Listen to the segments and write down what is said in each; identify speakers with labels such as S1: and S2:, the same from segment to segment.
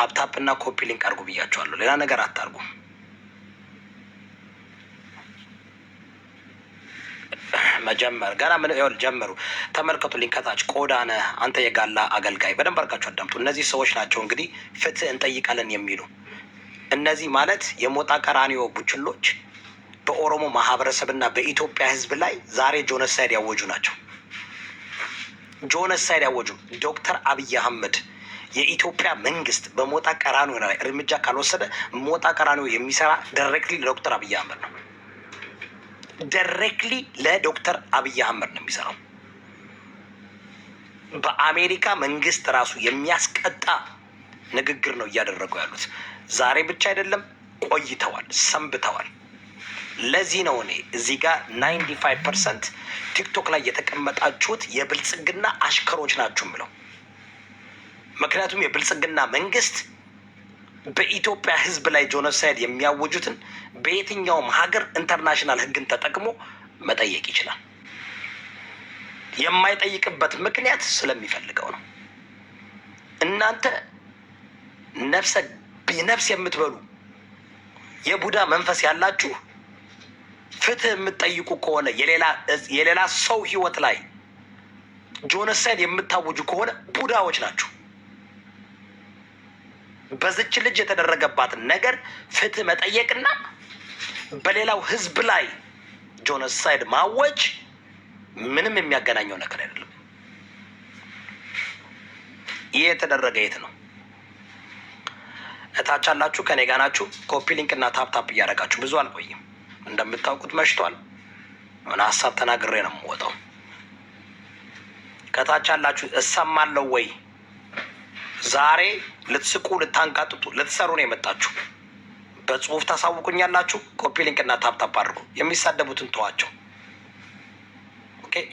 S1: ታፕታፕ እና ኮፒ ሊንክ አድርጉ ብያቸዋለሁ። ሌላ ነገር አታርጉ። መጀመር ገና ምን ይኸውልህ፣ ጀመሩ። ተመልከቱ ሊንክ ከታች ቆዳ ነህ አንተ የጋላ አገልጋይ። በደንብ አድርጋችሁ አዳምጡ። እነዚህ ሰዎች ናቸው እንግዲህ ፍትህ እንጠይቃለን የሚሉ እነዚህ ማለት የሞጣ ቀራኒዮ ቡችሎች በኦሮሞ ማህበረሰብና በኢትዮጵያ ህዝብ ላይ ዛሬ ጆነሳይድ ያወጁ ናቸው። ጆነሳይድ ያወጁ ዶክተር አብይ አህመድ የኢትዮጵያ መንግስት በሞጣ ቀራኒዮ ላይ እርምጃ ካልወሰደ ሞጣ ቀራኒዮ የሚሰራ ዳይሬክትሊ ለዶክተር አብይ አህመድ ነው። ዳይሬክትሊ ለዶክተር አብይ አህመድ ነው የሚሰራው። በአሜሪካ መንግስት ራሱ የሚያስቀጣ ንግግር ነው እያደረጉ ያሉት። ዛሬ ብቻ አይደለም፣ ቆይተዋል፣ ሰንብተዋል። ለዚህ ነው እኔ እዚህ ጋር ናይንቲ ፋይቭ ፐርሰንት ቲክቶክ ላይ የተቀመጣችሁት የብልጽግና አሽከሮች ናችሁ ምለው ምክንያቱም የብልጽግና መንግስት በኢትዮጵያ ህዝብ ላይ ጆኖሳይድ የሚያወጁትን በየትኛውም ሀገር ኢንተርናሽናል ህግን ተጠቅሞ መጠየቅ ይችላል። የማይጠይቅበት ምክንያት ስለሚፈልገው ነው። እናንተ ነፍሰ ነፍስ የምትበሉ የቡዳ መንፈስ ያላችሁ ፍትህ የምትጠይቁ ከሆነ የሌላ ሰው ህይወት ላይ ጆኖሳይድ የምታወጁ ከሆነ ቡዳዎች ናችሁ። በዝች ልጅ የተደረገባትን ነገር ፍትህ መጠየቅና በሌላው ህዝብ ላይ ጆኖሳይድ ማወጅ ምንም የሚያገናኘው ነገር አይደለም። ይህ የተደረገ የት ነው? እታች አላችሁ፣ ከኔ ጋ ናችሁ። ኮፒ ሊንክ እና ታፕታፕ እያደረጋችሁ ብዙ አልቆይም። እንደምታውቁት መሽቷል። ሆነ ሀሳብ ተናግሬ ነው የምወጣው። ከታች አላችሁ እሰማለሁ ወይ ዛሬ ልትስቁ፣ ልታንቃጥጡ ልትሰሩ ነው የመጣችሁ። በጽሁፍ ታሳውቁኛላችሁ። ኮፒ ሊንክና ታፕታፕ አድርጉ። የሚሳደቡትን ተዋቸው፣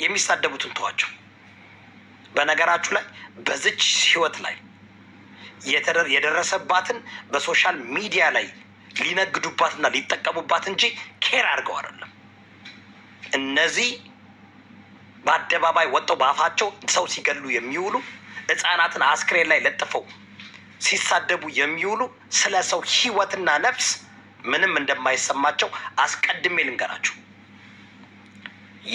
S1: የሚሳደቡትን ተዋቸው። በነገራችሁ ላይ በዚች ህይወት ላይ የደረሰባትን በሶሻል ሚዲያ ላይ ሊነግዱባትና ሊጠቀሙባት እንጂ ኬር አድርገው አይደለም እነዚህ በአደባባይ ወጥተው በአፋቸው ሰው ሲገሉ የሚውሉ ህፃናትን አስክሬን ላይ ለጥፈው ሲሳደቡ የሚውሉ ስለ ሰው ህይወትና ነፍስ ምንም እንደማይሰማቸው አስቀድሜ ልንገራችሁ።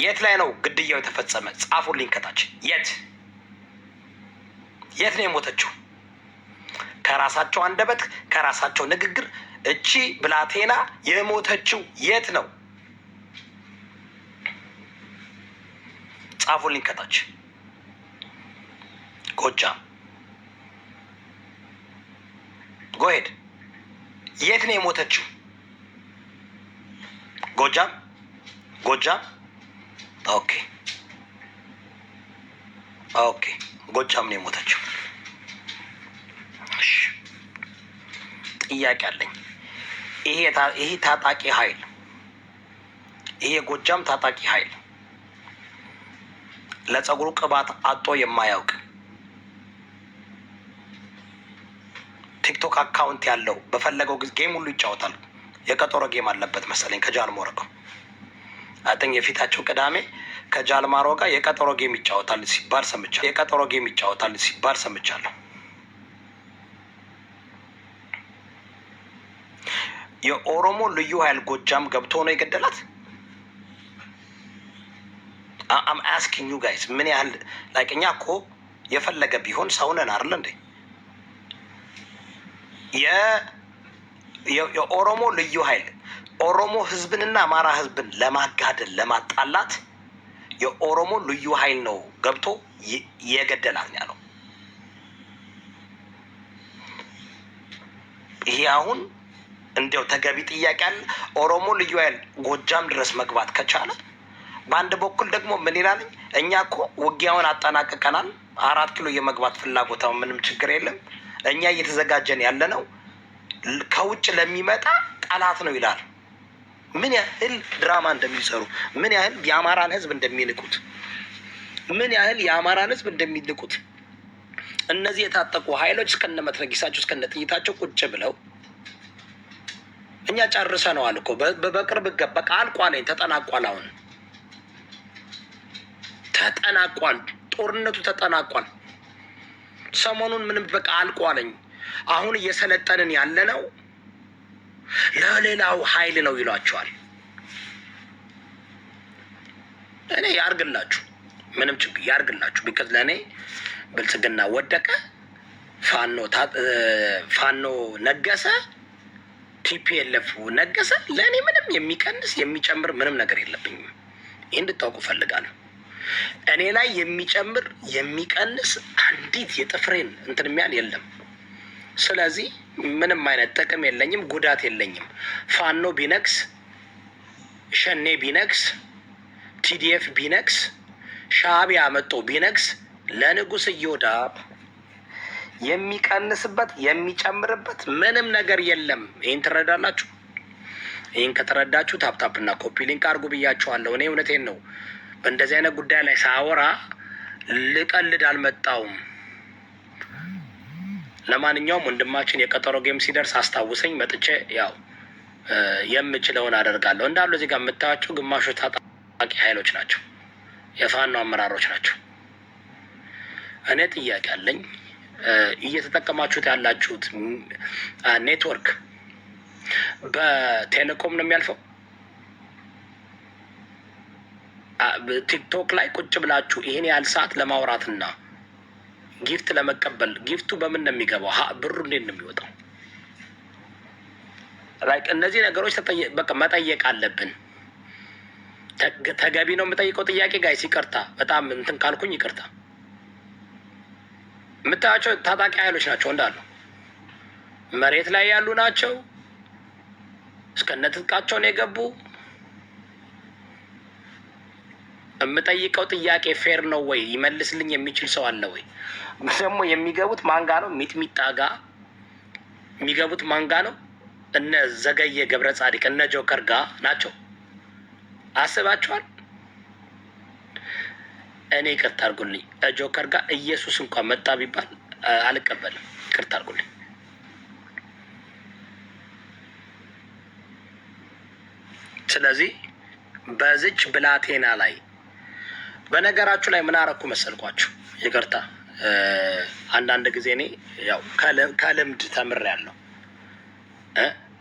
S1: የት ላይ ነው ግድያው የተፈጸመ? ጻፉልኝ ከታች። የት የት ነው የሞተችው? ከራሳቸው አንደበት ከራሳቸው ንግግር እቺ ብላቴና የሞተችው የት ነው? ጻፉልኝ ከታች ጎጃም ጎሄድ የት ነው የሞተችው? ጎጃም ጎጃም። ኦኬ ኦኬ፣ ጎጃም ነው የሞተችው። እሺ፣ ጥያቄ አለኝ። ይሄ ታጣቂ ኃይል ይሄ የጎጃም ታጣቂ ኃይል ለጸጉሩ ቅባት አጦ የማያውቅ ቲክቶክ አካውንት ያለው በፈለገው ጊዜ ጌም ሁሉ ይጫወታል። የቀጠሮ ጌም አለበት መሰለኝ ከጃልሞሮ ጋር አጥኝ የፊታቸው ቅዳሜ ከጃልማሮ ጋር የቀጠሮ ጌም ይጫወታል ሲባል ሰምቻለሁ። የቀጠሮ ጌም ይጫወታል ሲባል ሰምቻለሁ። የኦሮሞ ልዩ ኃይል ጎጃም ገብቶ ነው የገደላት። አም አስኪንግ ዩ ጋይስ ምን ያህል ላይክ እኛ እኮ የፈለገ ቢሆን ሰውነን አይደል እንዴ? የኦሮሞ ልዩ ኃይል ኦሮሞ ህዝብንና አማራ ህዝብን ለማጋደል ለማጣላት የኦሮሞ ልዩ ኃይል ነው ገብቶ የገደላት ያለው ይሄ አሁን እንዲያው ተገቢ ጥያቄ አለ። ኦሮሞ ልዩ ኃይል ጎጃም ድረስ መግባት ከቻለ በአንድ በኩል ደግሞ ምን ይላለኝ እኛ እኮ ውጊያውን አጠናቅቀናል፣ አራት ኪሎ የመግባት ፍላጎት ምንም ችግር የለም፣ እኛ እየተዘጋጀን ያለ ነው፣ ከውጭ ለሚመጣ ጠላት ነው ይላል። ምን ያህል ድራማ እንደሚሰሩ ምን ያህል የአማራን ህዝብ እንደሚልቁት ምን ያህል የአማራን ህዝብ እንደሚንቁት እነዚህ የታጠቁ ኃይሎች እስከነ መትረጊሳቸው እስከነ ጥይታቸው ቁጭ ብለው እኛ ጨርሰነዋል እኮ በቅርብ ገባ ቃል ቋለኝ ተጠናቋል አሁን ተጠናቋል። ጦርነቱ ተጠናቋል። ሰሞኑን ምንም በቃ አልቋለኝ። አሁን እየሰለጠንን ያለነው ለሌላው ኃይል ነው ይሏቸዋል። እኔ ያርግላችሁ፣ ምንም ችግር ያርግላችሁ። ቢከዝ ለእኔ ብልጽግና ወደቀ፣ ፋኖ ፋኖ ነገሰ፣ ቲፒኤልኤፍ ነገሰ፣ ለእኔ ምንም የሚቀንስ የሚጨምር ምንም ነገር የለብኝም። ይህ እንድታውቁ እፈልጋለሁ። እኔ ላይ የሚጨምር የሚቀንስ አንዲት የጥፍሬን እንትን የሚያል የለም። ስለዚህ ምንም አይነት ጥቅም የለኝም፣ ጉዳት የለኝም። ፋኖ ቢነክስ፣ ሸኔ ቢነክስ፣ ቲዲኤፍ ቢነክስ፣ ሻዕቢያ መጦ ቢነክስ ለንጉስ እዮዳ የሚቀንስበት የሚጨምርበት ምንም ነገር የለም። ይህን ትረዳላችሁ። ይህን ከተረዳችሁ ታፕታፕና ኮፒ ሊንክ አድርጉ ብያችኋለሁ። እኔ እውነቴን ነው። በእንደዚህ አይነት ጉዳይ ላይ ሳወራ ልቀልድ አልመጣውም። ለማንኛውም ወንድማችን የቀጠሮ ጌም ሲደርስ አስታውሰኝ፣ መጥቼ ያው የምችለውን አደርጋለሁ። እንዳሉ እዚህ ጋር የምታያቸው ግማሹ ታጣቂ ኃይሎች ናቸው፣ የፋኖ አመራሮች ናቸው። እኔ ጥያቄ አለኝ። እየተጠቀማችሁት ያላችሁት ኔትወርክ በቴሌኮም ነው የሚያልፈው ቲክቶክ ላይ ቁጭ ብላችሁ ይሄን ያህል ሰዓት ለማውራትና ጊፍት ለመቀበል ጊፍቱ በምን ነው የሚገባው? ብሩ እንዴት ነው የሚወጣው? እነዚህ ነገሮች በቃ መጠየቅ አለብን። ተገቢ ነው የምጠይቀው ጥያቄ ጋይስ፣ ይቅርታ በጣም እንትን ካልኩኝ ይቅርታ። የምታያቸው ታጣቂ ኃይሎች ናቸው እንዳሉ መሬት ላይ ያሉ ናቸው። እስከነ ነው የገቡ የምጠይቀው ጥያቄ ፌር ነው ወይ? ይመልስልኝ የሚችል ሰው አለ ወይ? ደግሞ የሚገቡት ማንጋ ነው ሚጥሚጣ ጋ የሚገቡት ማንጋ ነው። እነ ዘገየ ገብረ ጻዲቅ እነ ጆከር ጋ ናቸው። አስባችኋል? እኔ ቅርት አርጉልኝ። ጆከር ጋ ኢየሱስ እንኳን መጣ ቢባል አልቀበልም። ይቅርታ አርጉልኝ። ስለዚህ በዚች ብላቴና ላይ በነገራችሁ ላይ ምን አረኩ መሰልኳችሁ? ይቅርታ አንዳንድ ጊዜ እኔ ያው ከልምድ ተምሬያለሁ።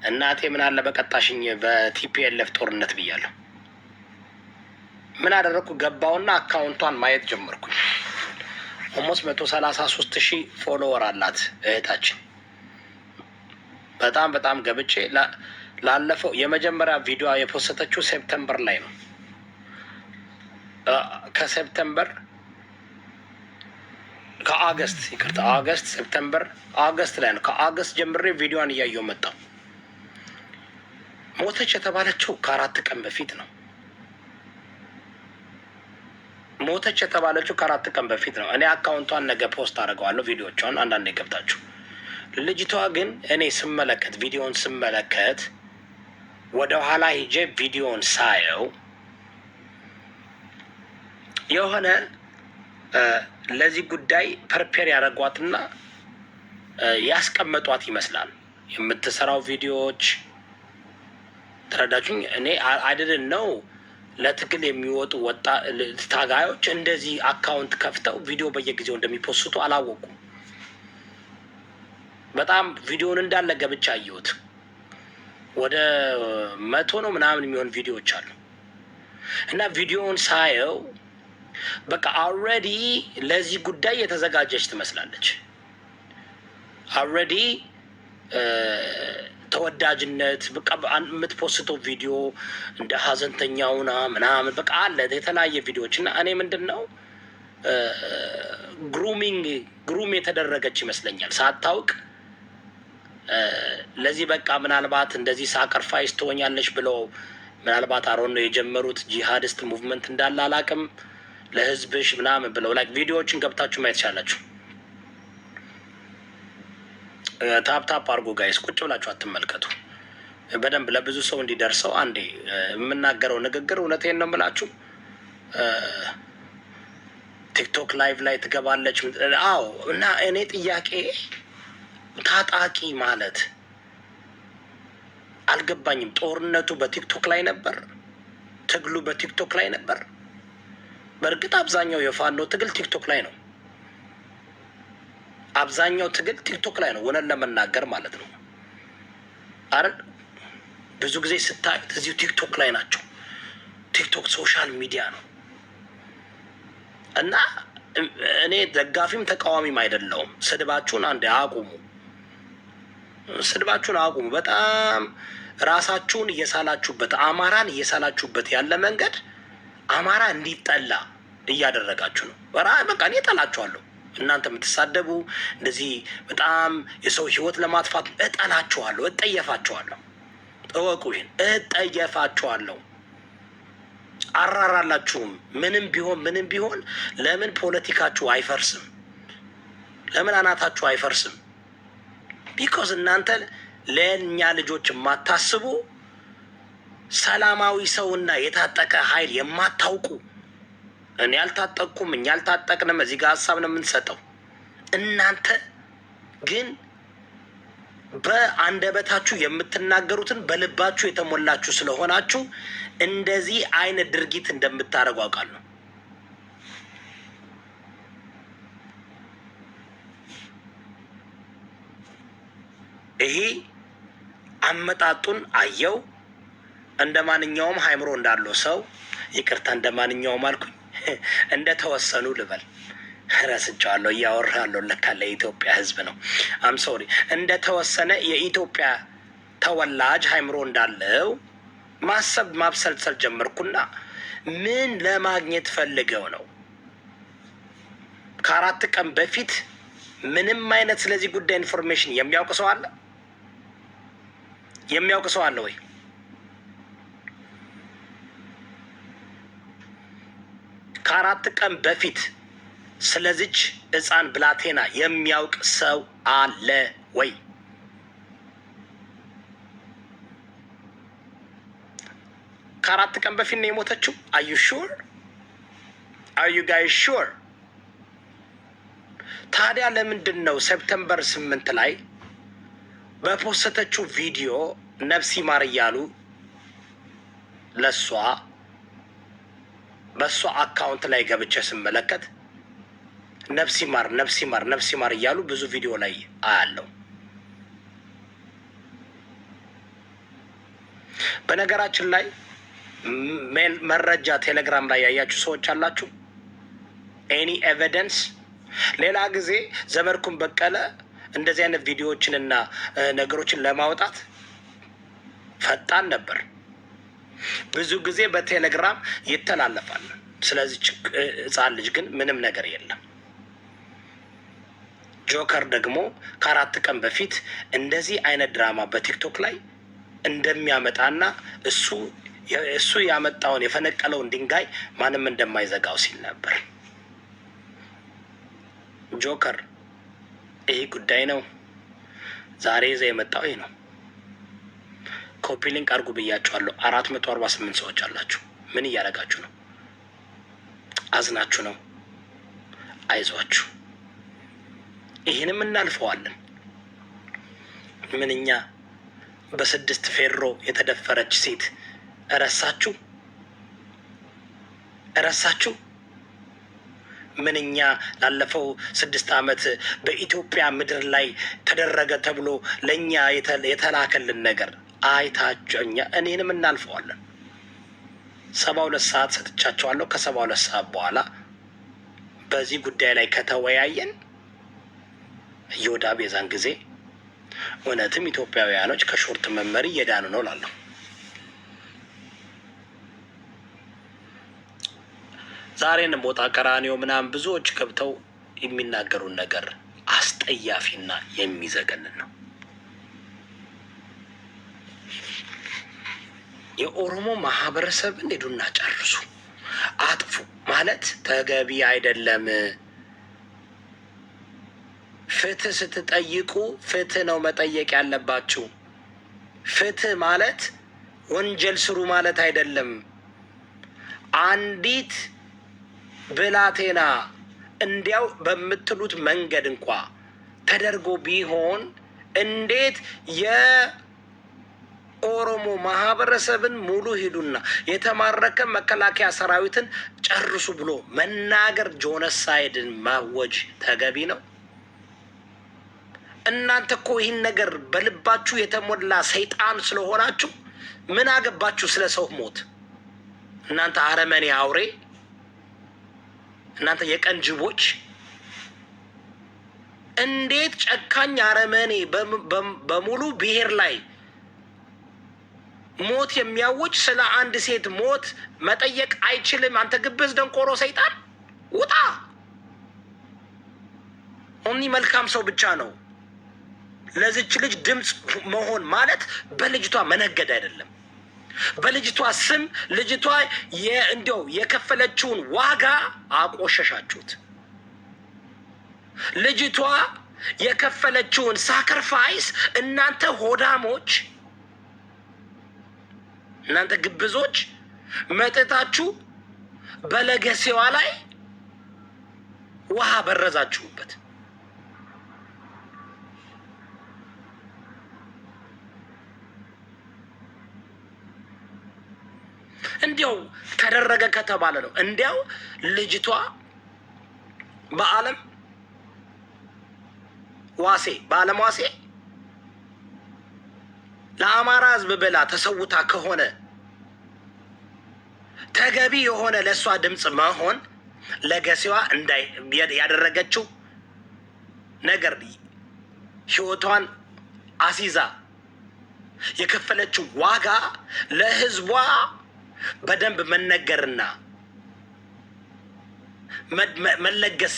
S1: እናቴ ምን አለ በቀጣሽኝ በቲፒኤልኤፍ ጦርነት ብያለሁ። ምን አደረግኩ? ገባውና አካውንቷን ማየት ጀመርኩኝ። ኦልሞስት መቶ ሰላሳ ሶስት ሺህ ፎሎወር አላት እህታችን። በጣም በጣም ገብቼ ላለፈው የመጀመሪያ ቪዲዮ የፖሰተችው ሴፕተምበር ላይ ነው። ከሴፕተምበር ከአገስት ይቅርታ፣ አገስት ሴፕተምበር አገስት ላይ ነው። ከአገስት ጀምሬ ቪዲዮን እያየው መጣው። ሞተች የተባለችው ከአራት ቀን በፊት ነው። ሞተች የተባለችው ከአራት ቀን በፊት ነው። እኔ አካውንቷን ነገ ፖስት አድርገዋለሁ፣ ቪዲዮቿን አንዳንድ የገብታችሁ። ልጅቷ ግን እኔ ስመለከት ቪዲዮን ስመለከት ወደ ኋላ ሂጄ ቪዲዮን ሳየው የሆነ ለዚህ ጉዳይ ፐርፔር ያደረጓትና ያስቀመጧት ይመስላል። የምትሰራው ቪዲዮዎች ተረዳችሁኝ። እኔ አይደለን ነው ለትግል የሚወጡ ወጣ ታጋዮች እንደዚህ አካውንት ከፍተው ቪዲዮ በየጊዜው እንደሚፖስቱ አላወቁም። በጣም ቪዲዮን እንዳለ ገብቻ አየሁት። ወደ መቶ ነው ምናምን የሚሆን ቪዲዮዎች አሉ እና ቪዲዮውን ሳየው በቃ አልሬዲ ለዚህ ጉዳይ የተዘጋጀች ትመስላለች። አልሬዲ ተወዳጅነት በቃ የምትፖስተው ቪዲዮ እንደ ሀዘንተኛውና ምናምን በቃ አለ የተለያየ ቪዲዮዎች እና እኔ ምንድን ነው ግሩሚንግ ግሩም የተደረገች ይመስለኛል ሳታውቅ ለዚህ በቃ ምናልባት እንደዚህ ሳክሪፋይስ ትሆኛለች ብለው ምናልባት አሮን ነው የጀመሩት ጂሃዲስት ሙቭመንት እንዳለ አላቅም። ለህዝብሽ ምናምን ብለው ላይ ቪዲዮዎችን ገብታችሁ ማየት ቻላችሁ። ታፕታፕ አድርጎ ጋይስ ቁጭ ብላችሁ አትመልከቱ። በደንብ ለብዙ ሰው እንዲደርሰው አንዴ የምናገረው ንግግር እውነቴን ነው የምላችሁ። ቲክቶክ ላይቭ ላይ ትገባለች። አዎ። እና እኔ ጥያቄ ታጣቂ ማለት አልገባኝም። ጦርነቱ በቲክቶክ ላይ ነበር፣ ትግሉ በቲክቶክ ላይ ነበር። በእርግጥ አብዛኛው የፋኖ ትግል ቲክቶክ ላይ ነው። አብዛኛው ትግል ቲክቶክ ላይ ነው ሆነን ለመናገር ማለት ነው አይደል? ብዙ ጊዜ ስታዩት እዚሁ ቲክቶክ ላይ ናቸው። ቲክቶክ ሶሻል ሚዲያ ነው እና እኔ ደጋፊም ተቃዋሚም አይደለውም። ስድባችሁን አንድ አቁሙ፣ ስድባችሁን አቁሙ። በጣም ራሳችሁን እየሳላችሁበት፣ አማራን እየሳላችሁበት ያለ መንገድ አማራ እንዲጠላ እያደረጋችሁ ነው። በቃ እኔ እጠላችኋለሁ። እናንተ የምትሳደቡ እንደዚህ በጣም የሰው ህይወት ለማጥፋት እጠላችኋለሁ፣ እጠየፋችኋለሁ። እወቁ ይህን፣ እጠየፋችኋለሁ። አራራላችሁም። ምንም ቢሆን ምንም ቢሆን ለምን ፖለቲካችሁ አይፈርስም? ለምን አናታችሁ አይፈርስም? ቢኮዝ እናንተ ለእኛ ልጆች የማታስቡ ሰላማዊ ሰውና የታጠቀ ኃይል የማታውቁ እኔ አልታጠቅኩም፣ እኛ አልታጠቅንም። እዚህ ጋር ሀሳብ ነው የምንሰጠው። እናንተ ግን በአንደበታችሁ የምትናገሩትን በልባችሁ የተሞላችሁ ስለሆናችሁ እንደዚህ አይነት ድርጊት እንደምታደርጉ አውቃለሁ። ይሄ አመጣጡን አየው። እንደ ማንኛውም ሀይምሮ እንዳለው ሰው ይቅርታ፣ እንደ ማንኛውም አልኩኝ። እንደተወሰኑ ልበል ረስቸዋለሁ እያወራለሁ ለካ ለኢትዮጵያ ህዝብ ነው። አም ሶሪ እንደተወሰነ የኢትዮጵያ ተወላጅ ሀይምሮ እንዳለው ማሰብ ማብሰልሰል ጀመርኩና ምን ለማግኘት ፈልገው ነው? ከአራት ቀን በፊት ምንም አይነት ስለዚህ ጉዳይ ኢንፎርሜሽን የሚያውቅ ሰው አለ? የሚያውቅ ሰው አለ ወይ? ከአራት ቀን በፊት ስለዚች ህፃን ብላቴና የሚያውቅ ሰው አለ ወይ? ከአራት ቀን በፊት ነው የሞተችው። አዩ ሹር አዩ ጋይ ሹር? ታዲያ ለምንድን ነው ሴፕተምበር ስምንት ላይ በፖሰተችው ቪዲዮ ነፍስ ይማር እያሉ ለእሷ በእሱ አካውንት ላይ ገብቼ ስመለከት ነፍሲ ማር ነፍሲ ማር ነፍሲ ማር እያሉ ብዙ ቪዲዮ ላይ አያለው። በነገራችን ላይ መረጃ ቴሌግራም ላይ ያያችሁ ሰዎች አላችሁ። ኤኒ ኤቪደንስ ሌላ ጊዜ ዘመድኩን በቀለ እንደዚህ አይነት ቪዲዮዎችንና ነገሮችን ለማውጣት ፈጣን ነበር። ብዙ ጊዜ በቴሌግራም ይተላለፋል። ስለዚህ ህፃን ልጅ ግን ምንም ነገር የለም። ጆከር ደግሞ ከአራት ቀን በፊት እንደዚህ አይነት ድራማ በቲክቶክ ላይ እንደሚያመጣና እሱ እሱ ያመጣውን የፈነቀለውን ድንጋይ ማንም እንደማይዘጋው ሲል ነበር። ጆከር ይህ ጉዳይ ነው ዛሬ ይዘ የመጣው ይህ ነው። ኮፒ ሊንክ አድርጉ ብያችኋለሁ። አራት መቶ አርባ ስምንት ሰዎች አላችሁ። ምን እያደረጋችሁ ነው? አዝናችሁ ነው። አይዟችሁ፣ ይህንም እናልፈዋለን። ምንኛ በስድስት ፌሮ የተደፈረች ሴት እረሳችሁ እረሳችሁ። ምንኛ ላለፈው ስድስት ዓመት በኢትዮጵያ ምድር ላይ ተደረገ ተብሎ ለእኛ የተላከልን ነገር አይታቸው እኔንም እናልፈዋለን። ሰባ ሁለት ሰዓት ሰጥቻቸዋለሁ። ከሰባ ሁለት ሰዓት በኋላ በዚህ ጉዳይ ላይ ከተወያየን እየወዳ ቤዛን ጊዜ እውነትም ኢትዮጵያውያኖች ከሾርት መመሪ እየዳኑ ነው ላለሁ ዛሬንም ቦታ ቀራኒዮ ምናምን ብዙዎች ገብተው የሚናገሩን ነገር አስጠያፊና የሚዘገንን ነው። የኦሮሞ ማህበረሰብን ሄዱና ጨርሱ፣ አጥፉ ማለት ተገቢ አይደለም። ፍትህ ስትጠይቁ ፍትህ ነው መጠየቅ ያለባችሁ። ፍትህ ማለት ወንጀል ስሩ ማለት አይደለም። አንዲት ብላቴና እንዲያው በምትሉት መንገድ እንኳ ተደርጎ ቢሆን እንዴት የ ኦሮሞ ማህበረሰብን ሙሉ ሂዱና የተማረከ መከላከያ ሰራዊትን ጨርሱ ብሎ መናገር ጆነሳይድን ማወጅ ተገቢ ነው። እናንተ እኮ ይህን ነገር በልባችሁ የተሞላ ሰይጣን ስለሆናችሁ ምን አገባችሁ ስለ ሰው ሞት? እናንተ አረመኔ አውሬ፣ እናንተ የቀን ጅቦች፣ እንዴት ጨካኝ አረመኔ በሙሉ ብሔር ላይ ሞት የሚያውጅ ስለ አንድ ሴት ሞት መጠየቅ አይችልም። አንተ ግብዝ ደንቆሮ ሰይጣን ውጣ። ኦኒ መልካም ሰው ብቻ ነው ለዚች ልጅ ድምፅ መሆን ማለት በልጅቷ መነገድ አይደለም። በልጅቷ ስም ልጅቷ እንዲያው የከፈለችውን ዋጋ አቆሸሻችሁት። ልጅቷ የከፈለችውን ሳክርፋይስ እናንተ ሆዳሞች እናንተ ግብዞች መጥታችሁ በለገሴዋ ላይ ውሃ በረዛችሁበት። እንዲያው ተደረገ ከተባለ ነው። እንዲያው ልጅቷ በዓለም ዋሴ በዓለም ዋሴ ለአማራ ሕዝብ ብላ ተሰውታ ከሆነ ተገቢ የሆነ ለእሷ ድምፅ መሆን ለገሴዋ እንዳይ ያደረገችው ነገር ህይወቷን አሲዛ የከፈለችው ዋጋ ለህዝቧ በደንብ መነገርና መለገስ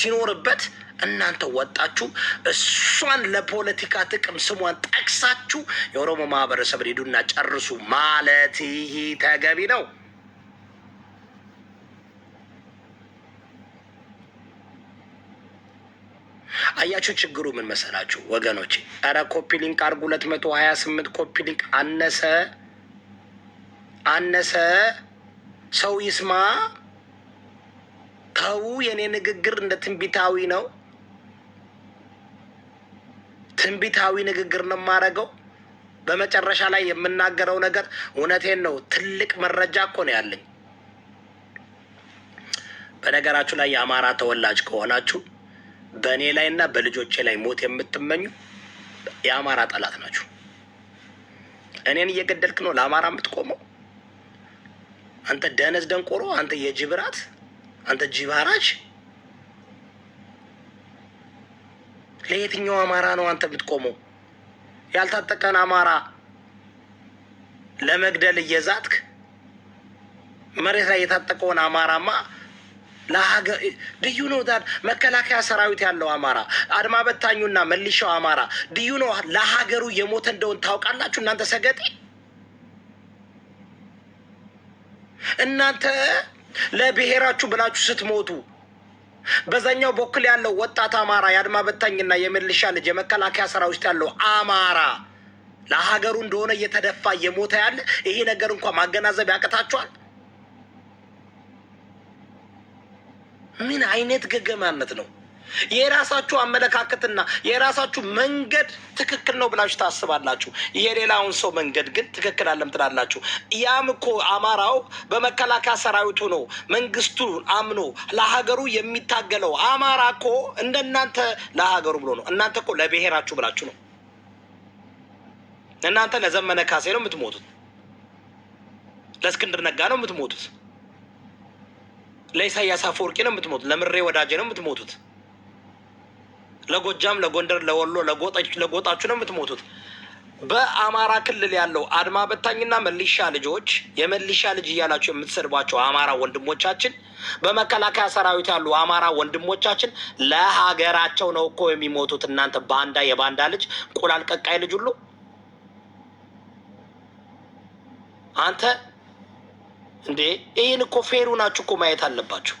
S1: ሲኖርበት እናንተ ወጣችሁ እሷን ለፖለቲካ ጥቅም ስሟን ጠቅሳችሁ የኦሮሞ ማህበረሰብ ሄዱና ጨርሱ ማለት ይህ ተገቢ ነው። አያችሁ ችግሩ ምን መሰላችሁ ወገኖች? ኧረ ኮፒ ሊንክ አርጉ። ሁለት መቶ ሀያ ስምንት ኮፒ ሊንክ አነሰ አነሰ። ሰው ይስማ። ተዉ። የኔ ንግግር እንደ ትንቢታዊ ነው። ትንቢታዊ ንግግር ነው የማደርገው። በመጨረሻ ላይ የምናገረው ነገር እውነቴን ነው። ትልቅ መረጃ እኮ ነው ያለኝ። በነገራችሁ ላይ የአማራ ተወላጅ ከሆናችሁ በእኔ ላይ እና በልጆቼ ላይ ሞት የምትመኙ የአማራ ጠላት ናችሁ። እኔን እየገደልክ ነው ለአማራ የምትቆመው? አንተ ደነዝ ደንቆሮ፣ አንተ የጅብራት፣ አንተ ጅባራች፣ ለየትኛው አማራ ነው አንተ የምትቆመው? ያልታጠቀን አማራ ለመግደል እየዛትክ መሬት ላይ የታጠቀውን አማራማ ለሀገር ድዩ ነው መከላከያ ሰራዊት ያለው አማራ አድማ በታኙና መልሻው አማራ ድዩ ነው ለሀገሩ የሞተ እንደሆን ታውቃላችሁ እናንተ ሰገጤ እናንተ ለብሔራችሁ ብላችሁ ስትሞቱ በዛኛው በኩል ያለው ወጣት አማራ የአድማ በታኝና የመልሻ ልጅ የመከላከያ ውስጥ ያለው አማራ ለሀገሩ እንደሆነ እየተደፋ እየሞተ ያለ ይሄ ነገር እንኳ ማገናዘብ ያቅታችኋል ምን አይነት ገገማነት ነው? የራሳችሁ አመለካከትና የራሳችሁ መንገድ ትክክል ነው ብላችሁ ታስባላችሁ። የሌላውን ሰው መንገድ ግን ትክክል አለም ትላላችሁ። ያም እኮ አማራው በመከላከያ ሰራዊቱ ነው መንግስቱ አምኖ ለሀገሩ የሚታገለው። አማራ እኮ እንደናንተ ለሀገሩ ብሎ ነው። እናንተ እኮ ለብሔራችሁ ብላችሁ ነው። እናንተ ለዘመነ ካሴ ነው የምትሞቱት፣ ለእስክንድር ነጋ ነው የምትሞቱት። ለኢሳያስ አፈወርቂ ነው የምትሞቱት። ለምሬ ወዳጅ ነው የምትሞቱት። ለጎጃም፣ ለጎንደር፣ ለወሎ ለጎጣችሁ ነው የምትሞቱት። በአማራ ክልል ያለው አድማ በታኝና መሊሻ ልጆች የመሊሻ ልጅ እያላቸው የምትሰድቧቸው አማራ ወንድሞቻችን፣ በመከላከያ ሰራዊት ያሉ አማራ ወንድሞቻችን ለሀገራቸው ነው እኮ የሚሞቱት። እናንተ ባንዳ፣ የባንዳ ልጅ፣ እንቁላል ቀቃይ ልጅ ሁሉ አንተ እንዴ ይህን እኮ ፌሩ ናችሁ እኮ ማየት አለባችሁ።